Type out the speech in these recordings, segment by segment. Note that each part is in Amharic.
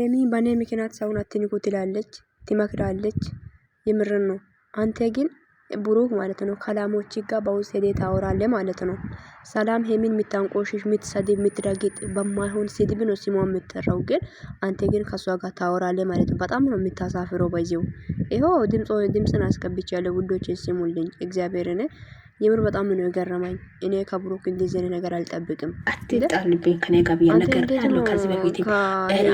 ኤሚ በእኔ ምክንያት ሰውን አትንኩ ትላለች፣ ትመክራለች። የምርን ነው። አንተ ግን ብሩክ ማለት ነው ከላሞች ጋር በውስጥ ሄደህ ታወራለህ ማለት ነው። ሰላም ሄሚን የምታንቆሽሽ፣ የምትሰድብ፣ የምትረግጥ በማይሆን ስድብ ነው ስሟ የምትጠራው። ግን አንተ ግን ከሷ ጋር ታወራለህ ማለት ነው። በጣም ነው የምታሳፍረው። በዚው ይኸው ድምፅን አስገብቻለሁ። ውዶች ስሙልኝ እግዚአብሔርን የምር በጣም ነው የገረመኝ። እኔ ከብሩክ እንደዚህ አይነት ነገር አልጠብቅም። አትጣልብኝ ከኔ ጋር ብዬ ነገር ያለው ከዚህ በፊት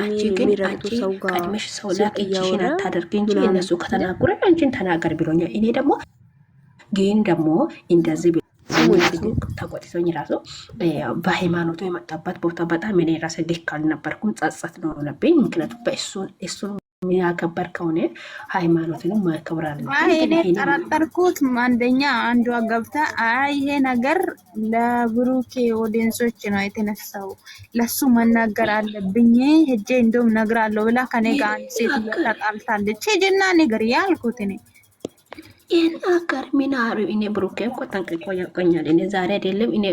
አንቺ ግን አንቺ ቀድመሽ ሰው ላቅ ላቅያሽን አታደርግ እንጂ እነሱ ከተናገረ አንቺን ተናገር ብሎኛል። እኔ ደግሞ ግን ደግሞ እንደዚህ ተቆጥቶኝ ራሱ በሃይማኖቱ የመጣበት ቦታ በጣም እኔ ራሴ ደካል አልነበርኩም። ጸጸት ነው ሆነብኝ። ምክንያቱ በእሱን እሱን ያከበርከውን ሃይማኖትንም ማክብራል። እኔ ጠራጠርኩት። አንደኛ አንዷ ገብታ አይ ይሄ ነገር ለብሩኬ ኦዲየንሶች ነው የተነሳው ለሱ መናገር አለብኝ ሄጄ እንደውም ነግራለሁ ብላ ከኔ ጋር አንድ ሴት ተጣልታለች። ሄጅና ንገሪ ያልኩት እኔ ይህን አጋር ምን አሉ? እኔ ብሩኬ እኮ ጠንቅቆ ያቆኛል። እኔ ዛሬ አይደለም እኔ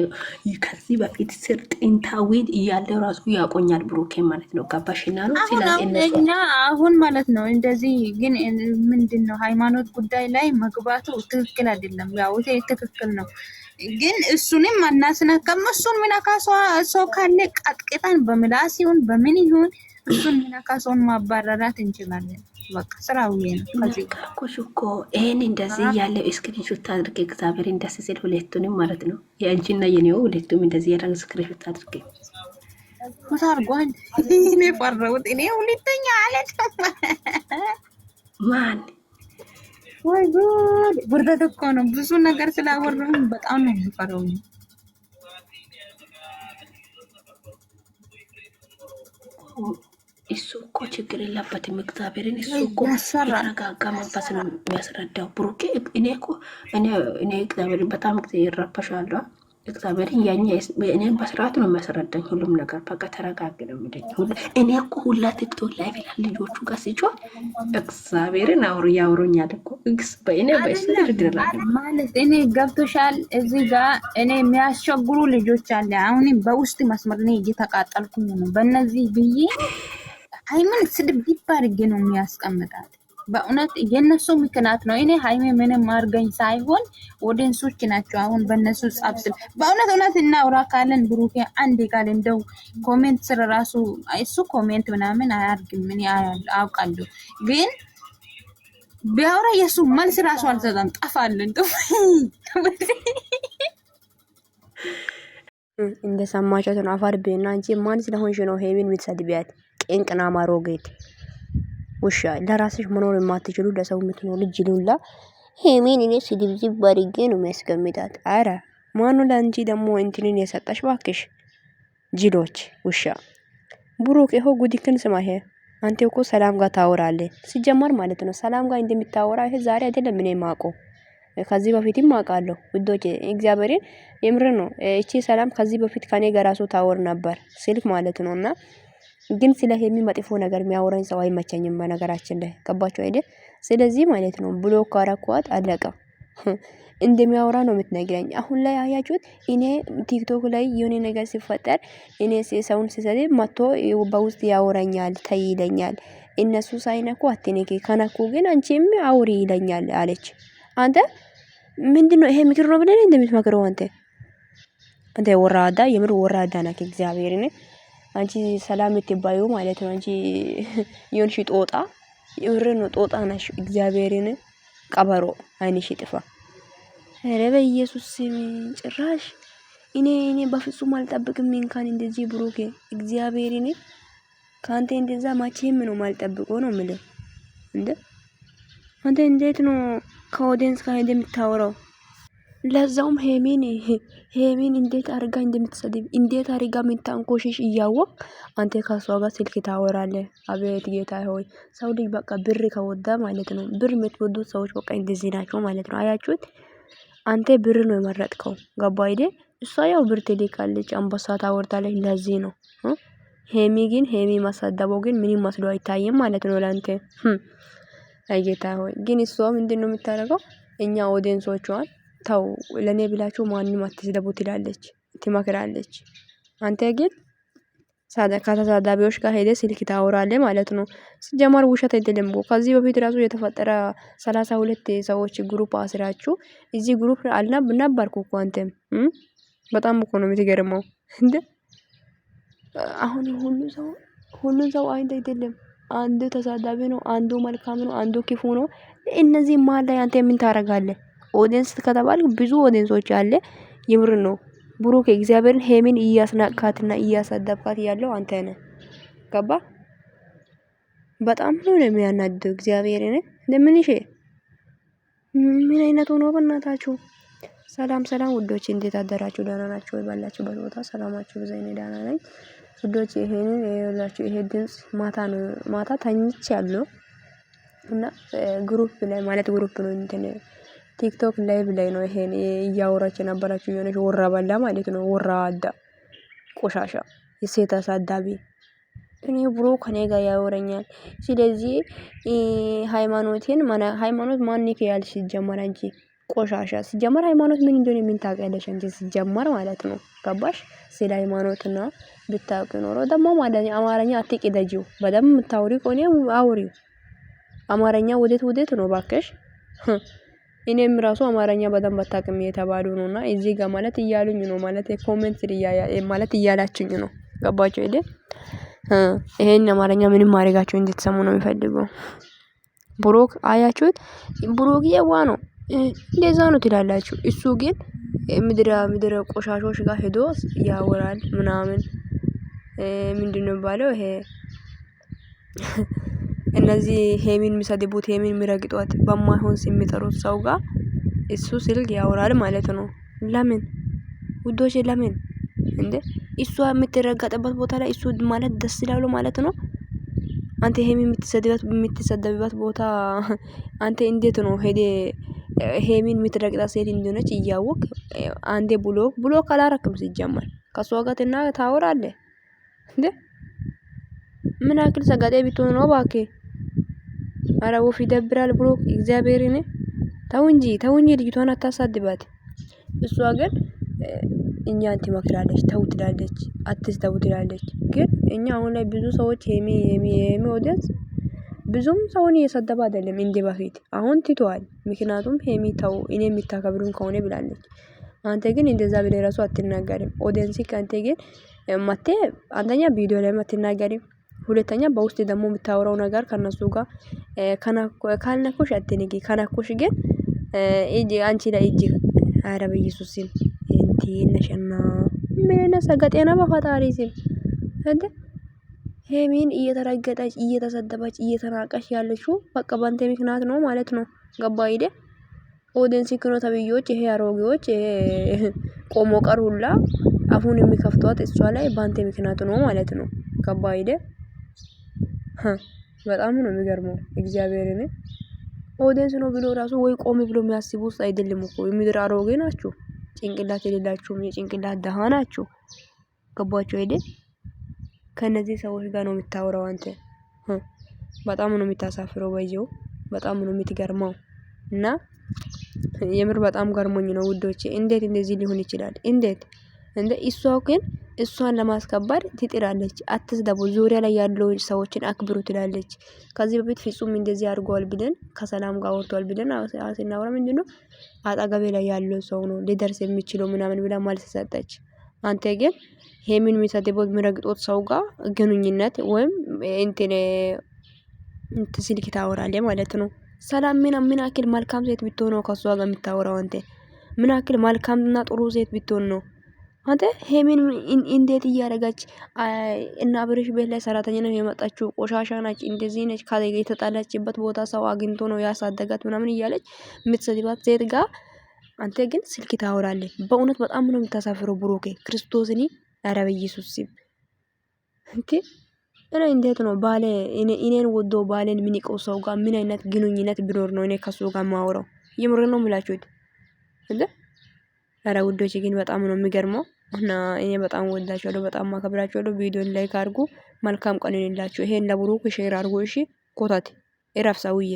ከዚህ በፊት ስር ጥንታዊ እያለ ራሱ ያቆኛል ብሩኬ ማለት ነው። ጋባሽና ነው እኛ አሁን ማለት ነው። እንደዚህ ግን ምንድን ነው ሃይማኖት ጉዳይ ላይ መግባቱ ትክክል አይደለም። ያው ትክክል ነው፣ ግን እሱንም አናስነካም። እሱን ምናካ ሰው ካለ ቀጥቅጠን በምላስ ይሁን በምን ይሁን እሱን ሚነካ ሰውን ማባረራት እንችላለን። በቃ ስራው ነው። እኮ ይሄን እንደዚህ ያለ ስክሪንሾት አድርገ እግዚአብሔር እንደስ ሲል ሁለቱንም ማለት ነው የእጅና የኔው ሁለቱም እንደዚህ ያደረገ ስክሪንሾት አድርገ ሳርጓን እኔ ፈራሁት። እኔ ሁለተኛ አለት ማን ወይ ጉድ! ውርደት እኮ ነው። ብዙ ነገር ስላወራሁኝ በጣም ነው የሚፈራው። እሱ እኮ ችግር የለበትም። እግዚአብሔርን እሱ እኮ የተረጋጋ መንፈስ ነው የሚያስረዳው። ብሩኬ እኔ እኮ እኔ እግዚአብሔርን በጣም ጊዜ ይረበሻለሁ። እግዚአብሔርን ያኛ እኔን በስርዓት ነው የሚያስረዳኝ ሁሉም ነገር። በቃ ተረጋግ ነው የሚለኝ። እኔ እኮ ሁላ ቲክቶክ ላይ ይላል ልጆቹ ጋር ሲጮህ እግዚአብሔርን አውሩ ያውሩኛል እኮ በእኔ በእሱ ማለት እኔ ገብቶሻል። እዚ ጋ እኔ የሚያስቸግሩ ልጆች አለ። አሁንም በውስጥ መስመር እኔ እየተቃጠልኩኝ ነው በእነዚህ ብዬ ሀይምን ስድብ ዲብ አድርጌ ነው የሚያስቀምጣት። በእውነት የነሱ ምክንያት ነው። እኔ ሃይሜ ምንም አርገኝ ሳይሆን ወደንሶች ናቸው። አሁን በእነሱ ጻብስል በእውነት እውነት እናውራ ካለን ብሩኬ አንዴ ቃል እንደው ኮሜንት ስር ራሱ እሱ ኮሜንት ምናምን አያርግም። ምን አውቃለሁ ግን ቢያውራ የእሱ መልስ ራሱ አልሰጣም። ጠፋለን እንደሰማቸው አፋር ቤና እንጂ ማን ስለሆንሽ ነው ሄቢን የምትሰድቢያት? ቄንቅናም አሮጌት ውሻ ለራስሽ መኖር የማትችሉ ለሰው የምትኖር ልጅ ሉላ ሄሜን እኔ ስድብዝብ ባድጌ ነው የሚያስገምጣት። አረ ማኑ ለአንቺ ደግሞ እንትንን የሰጠሽ ባክሽ። ጅሎች ውሻ ብሩክ ይሆ ጉዲክን ስማሄ አንተ እኮ ሰላም ጋር ታወራለ ሲጀመር ማለት ነው። ሰላም ጋር እንደምታወራ ይሄ ዛሬ አይደለም እኔ ማቆ ከዚህ በፊትም አውቃለሁ። ውዶች እግዚአብሔርን የምር ነው። እቺ ሰላም ከዚህ በፊት ከኔ ጋር ራሱ ታወር ነበር ስልክ ማለት ነው እና ግን ስለ ሄሚ መጥፎ ነገር የሚያወራኝ ሰው አይመቸኝም። በነገራችን ላይ ገባችሁ አይደል? ስለዚህ ማለት ነው ብሎ ካረኳት አለቀ። እንደሚያወራ ነው የምትነግረኝ። አሁን ላይ አያችሁት፣ እኔ ቲክቶክ ላይ የሆነ ነገር ሲፈጠር እኔ ሰውን ሲሰድ መጥቶ በውስጥ ያወራኛል፣ ተይ ይለኛል። እነሱ ሳይነኩ አትነኪ፣ ከነኩ ግን አንቺም አውሪ ይለኛል አለች። አንተ ምንድን ነው ይሄ ምክር ነው ብለን እንደምትመክረው አንተ አንተ ወራዳ፣ የምር ወራዳ ናክ እግዚአብሔርን አንቺ ሰላም የምትባዩ ማለት ነው። አንቺ የሆንሽ ጦጣ የምር ነው ጦጣ ነሽ። እግዚአብሔርን ቀበሮ አይንሽ ጥፋ። ኧረ በኢየሱስ ጭራሽ እኔ እኔ በፍጹም አልጠብቅም። እንካን እንደዚህ ብሩኬ እግዚአብሔርን ከአንተ እንደዛ ማቼም ነው ማልጠብቆ ነው ምለው እንደ አንተ እንዴት ነው ከኦዲየንስ ጋር እንደምታወራው? ለዛውም ሄሜን ሄሜን እንዴት አርጋ እንደምትሰድብ እንዴት አርጋ ምታንኮሽሽ እያወቅ አንተ ካሷ ጋር ስልክ ታወራለ። አቤት ጌታ ሆይ ሰው ልጅ በቃ ብር ከወዳ ማለት ነው። ብር የምትወዱት ሰዎች በቃ እንደዚህ ናቸው ማለት ነው። አያችሁት? አንተ ብር ነው የመረጥከው። ገባ አይዴ? እሷ ያው ብር ትልካለች፣ አንበሳ ታወርታለች። ለዚህ ነው ሄሚ ግን ሄሚ ማሳደበው ግን ምንም መስሎ አይታይም ማለት ነው ለአንተ። አይ ጌታ ሆይ ግን እሷ ምንድን ነው የምታደርገው? እኛ ኦዲየንሶቿን ተው ለእኔ ብላችሁ ማንም አትስደቡ ትላለች፣ ትመክራለች። አንተ ግን ከተሳዳቢዎች ጋር ሄደ ስልክ ታወራለ ማለት ነው። ሲጀመር ውሸት አይደለም ከዚህ በፊት ራሱ የተፈጠረ ሰላሳ ሁለት ሰዎች ግሩፕ አስራችሁ እዚህ ግሩፕ አልናብ ነበርኩ እኮ አንተም በጣም እኮ ነው የምትገርመው። እንደ አሁን ሁሉ ሰው ሁሉ ሰው አይነት አይደለም። አንዱ ተሳዳቢ ነው፣ አንዱ መልካም ነው፣ አንዱ ክፉ ነው። እነዚህ መሀል ላይ አንተ የምን ታረጋለህ? ኦዲየንስ ከተባል ብዙ ኦዲየንሶች አለ። የምር ነው ብሩክ እግዚአብሔርን ሄሚን እያስናቅካትና እያሳደብካት ያለው አንተ ነህ። ገባ በጣም ነው የሚያናድደው። እግዚአብሔርን ለምን ይሄ ምን አይነት ሆኖ በእናታችሁ። ሰላም ሰላም ውዶች እንዴት አደራችሁ? ደህና ናችሁ ወይ? ባላችሁበት ቦታ ሰላማችሁ ብዙ አይነት ደህና ነኝ ውዶች። ይሄንን ይኸውላችሁ፣ ይሄ ድምጽ ማታ ነው ማታ ተኝቼ ያለው እና ግሩፕ ላይ ማለት ግሩፕ ነው እንትን ቲክቶክ ላይቭ ላይ ነው ይሄን እያወራች የነበራችሁ የሆነች ወራ ባላ ማለት ነው። ወራ አዳ ቆሻሻ፣ የሴት አሳዳቢ እኔ ብሮ ከኔ ጋር ያወረኛል። ስለዚህ ሃይማኖቴን ሃይማኖት ማን ከያል ሲጀመር አንቺ ቆሻሻ ሲጀመር ሃይማኖት ምን እንደሆነ የምን ታውቂያለሽ እንጂ ሲጀመር ማለት ነው። ገባሽ? ስለ ሃይማኖትና ብታውቂ ኖሮ ደግሞ ማለት አማርኛ አትቅደጂው። በደንብ የምታውሪ ከሆነ አውሪ አማርኛ ውዴት ውዴት ነው ባክሽ። እኔም ራሱ አማርኛ በደንብ አታውቅም እየተባሉ ነው እና እዚህ ጋር ማለት እያሉኝ ነው ማለት ኮሜንት ማለት እያላችኝ ነው። ገባቸው አይደል? ይሄን አማርኛ ምንም ማድረጋቸው እንድትሰሙ ነው የሚፈልገው። ብሩክ አያችሁት? ብሩክ የዋ ነው እንደዛ ነው ትላላችሁ። እሱ ግን ምድረ ምድረ ቆሻሾች ጋር ሄዶ ያወራል ምናምን ምንድን ነው ይሄ እነዚህ ሄሚን የሚሰድቡት ሄሚን የሚረግጧት በማይሆን ስም የሚጠሩት ሰው ጋር እሱ ስልክ ያወራል ማለት ነው። ለምን ውዶች ለምን እንዴ? እሷ የምትረገጥበት ቦታ ላይ እሱ ማለት ደስ ይላሉ ማለት ነው። አንተ ሄሚ የምትሰደብበት ቦታ አንተ እንዴት ነው ሄዴ ሄሚን የምትረግጣ ሴት እንደሆነች እያወቅ አንዴ ብሎክ ብሎክ አላረክም ሲጀመር ከሷ ጋር እና ታወራለህ እንዴ? ምን ያክል ሰጋጤ ቢትሆን ነው ባኬ ኧረ ወፍ ይደብራል። ብሩክ እግዚአብሔርን ተው እንጂ ተው እንጂ ልጅቷን አታሳድባት። እሷ ግን እኛን ትመክራለች፣ ተው ትላለች፣ አትስተው ትላለች። ግን እኛ አሁን ላይ ብዙ ሰዎች የሚ የሚ የሚወደስ ብዙም ሰውን እየሰደበ አይደለም እንደ በፊት። አሁን ትቷል። ምክንያቱም ሄሚ ተው እኔ የምታከብሩን ከሆነ ብላለች። አንተ ግን እንደዛ ብለ ራሱ አትናገርም። ኦዲየንስ ከአንተ ግን ማቴ አንደኛ ቪዲዮ ላይ አትናገርም ሁለተኛ በውስጥ ደግሞ የምታወራው ነገር ከነሱ ጋር ካልነኮሽ አትንኪ፣ ከነኮሽ ግን እጅ አንቺ ላይ እጅ አረ በኢየሱስ ስም እንቲ ነሽና ምን አይነት ሰገጤ ነው በፈጣሪ ስም እንዴ! ሄሚን እየተረገጠች እየተሰደበች እየተናቀች ያለችው በቃ በአንተ ምክንያት ነው ማለት ነው። ገባ አይደ ኦዲንስ ክኖ ተብዮች ይሄ አሮጌዎች ቆሞ ቀር ሁላ አፉን የሚከፍቷት እሷ ላይ በአንተ ምክንያት ነው ማለት ነው። ገባ አይደ በጣም ነው የሚገርመው። እግዚአብሔርን ኦዲየንስ ነው ብሎ ራሱ ወይ ቆም ብሎ የሚያስቡ ውስጥ አይደለም እኮ የምድር አሮጌ ናችሁ፣ ጭንቅላት የሌላችሁም የጭንቅላት ደሃ ናችሁ። ገባችሁ አይደል? ከእነዚህ ሰዎች ጋር ነው የምታወራው አንተ። በጣም ነው የምታሳፍረው፣ በየው በጣም ነው የምትገርመው። እና የምር በጣም ገርሞኝ ነው ውዶቼ፣ እንዴት እንደዚህ ሊሆን ይችላል? እንዴት እንደ እሷ ግን እሷን ለማስከበር ትጥራለች። አትስደቡ፣ ዙሪያ ላይ ያለው ሰዎችን አክብሩ ትላለች። ከዚህ በፊት ፍጹም እንደዚህ አድርጓል ብለን ከሰላም ጋር ወርቷል ብለን ስናወራ ምንድን ነው አጠገቤ ላይ ያለው ሰው ነው ሊደርስ የሚችለው ምናምን ብላ መልስ ሰጠች። አንተ ግን ሄሚን የሚሰድቦት የሚረግጦት ሰው ጋር ግንኙነት ወይም እንትን ስልክ ታወራለህ ማለት ነው። ሰላም ምን ምን አክል መልካም ሴት ብትሆን ነው ከሷ ጋር የምታወራው? አንተ ምን አክል መልካምና ጥሩ ሴት ብትሆን ነው አንተ ሄሜን እንዴት እያደረጋች እና አብርሽ ቤት ላይ ሰራተኛ ነው የመጣችው፣ ቆሻሻ ናች፣ እንደዚህ ነች፣ የተጣላችበት ቦታ ሰው አግኝቶ ነው ያሳደጋት ምናምን እያለች የምትሰድባት ሴት ጋር አንተ ግን ስልክ ታወራለህ። በእውነት በጣም ነው የምታሳፍረው ብሩኬ ክርስቶስን ያረበ ኢየሱስ ሲብ እንቲ እኔ እንዴት ነው ባሌ እኔን ወዶ ባሌን ምንቀው ሰው ጋር ምን አይነት ግንኙነት ቢኖር ነው እኔ ከሱ ጋር ማውራው? የምር ነው ምላችሁት? እንዴ? ኧረ ውዶች ግን በጣም ነው የሚገርመው። እና እኔ በጣም ወዳችኋለሁ፣ በጣም ማከብራችኋለሁ። ቪዲዮን ላይክ አድርጉ። መልካም ቀን ይሁንላችሁ። ይሄን ለብሩክ ሼር አድርጉ። እሺ ኮታት ኤራፍሳውዬ